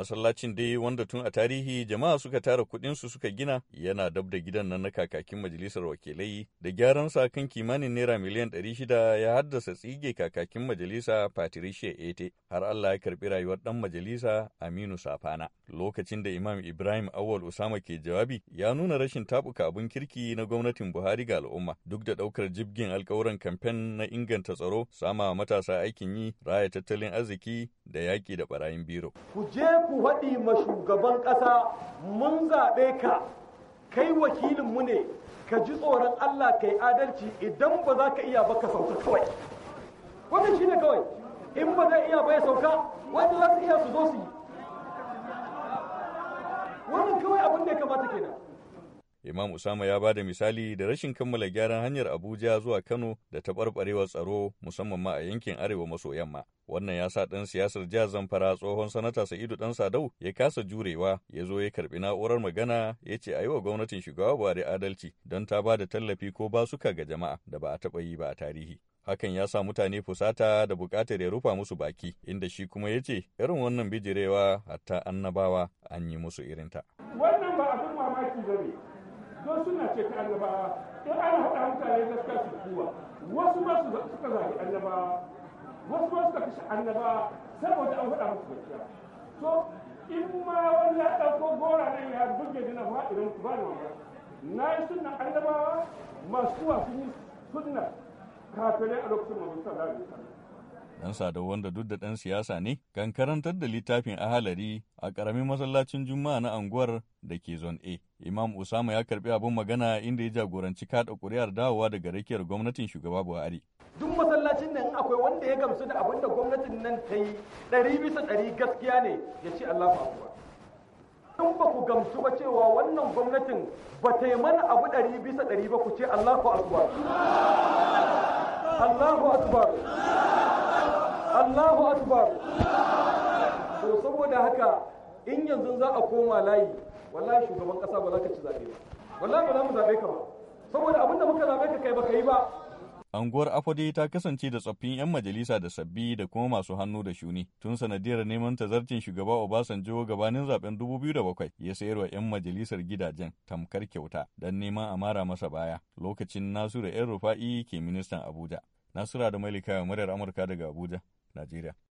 Masallacin dai wanda tun a tarihi jama'a suka tara su suka gina yana dab da gidan nan na kakakin majalisar wakilai da gyaran sa kan kimanin naira miliyan 600 ya haddasa tsige kakakin majalisa Patricia Ete har Allah ya karbi rayuwar dan majalisa Aminu Safana. Lokacin da Imam Ibrahim Awal Usama ke jawabi ya nuna rashin tabuka abun kirki na gwamnatin Buhari ga al'umma duk da ɗaukar jibgin alkawuran kamfen na inganta tsaro sama matasa aikin yi raya tattalin arziki da yaki da barayin biro. Ku je ku haɗi ma shugaban ƙasa mun zaɓe ka kai wakilinmu ne ka ji tsoron Allah ka yi adalci idan ba za ka iya ba ka sauka kawai wannan shi ne kawai in ba zai iya ba ya sauka wanda za su iya su zo su yi wannan kawai abin da ya kamata kenan Imam Usama ya ba da misali da rashin kammala gyaran hanyar Abuja zuwa Kano da ta taɓarɓarewar tsaro musamman ma a yankin arewa maso yamma. Wannan ya sa ɗan siyasar jihar Zamfara tsohon sanata Sa'idu ɗan Sadau ya kasa jurewa ya zo ya karɓi na'urar magana ya ce a yi wa gwamnatin shugaba Buhari adalci don ta ba da tallafi ko basuka ga jama'a da ba a taɓa yi ba a tarihi. hakan ya sa mutane fusata da buƙatar ya rufa musu baki inda shi kuma ya ce irin wannan bijirewa hatta annabawa an yi musu irinta. don suna ce ta annabawa in ana haɗa mutane gaskiya su kuwa wasu ma suka zagi annabawa wasu ma suka kashe annabawa saboda an haɗa musu gaskiya to in ma wani ya ɗauko gora ne ya buge dina ba idan ku ba na yi sunna annabawa masu wasu sunna kafirai a lokacin mamusa da Dan Sadau wanda duk da ɗan siyasa ne, kan karantar da littafin ahalari a ƙaramin masallacin Juma'a na anguwar da ke zon A. Imam Usama ya karbi abin magana inda ya jagoranci kaɗa ƙuri'ar dawowa daga rakiyar gwamnatin shugaba Buhari. Duk masallacin nan akwai wanda ya gamsu da abin da gwamnatin nan ta yi ɗari bisa ɗari gaskiya ne ya ce Allah ba in ba ku gamsu ba cewa wannan gwamnatin ba ta yi mana abu ɗari bisa ɗari ba ku ce Allahu Akbar. Allahu Akbar. Allahu akbar to saboda haka in yanzu za a koma layi wallahi shugaban kasa ba za ka ci zabe ba wallahi ba za mu zabe ka ba saboda da muka zabe ka kai ba ka yi ba Anguwar Afade ta kasance da tsoffin 'yan majalisa da sabbi da kuma masu hannu da shuni tun sanadiyar neman tazarcin shugaba Obasanjo gabanin zaben 2007 ya sayarwa 'yan majalisar gidajen tamkar kyauta don neman amara masa baya lokacin Nasiru 'yan rufa'i ke ministan Abuja. Nasura da Malika muryar Amurka daga Abuja. Najeriya.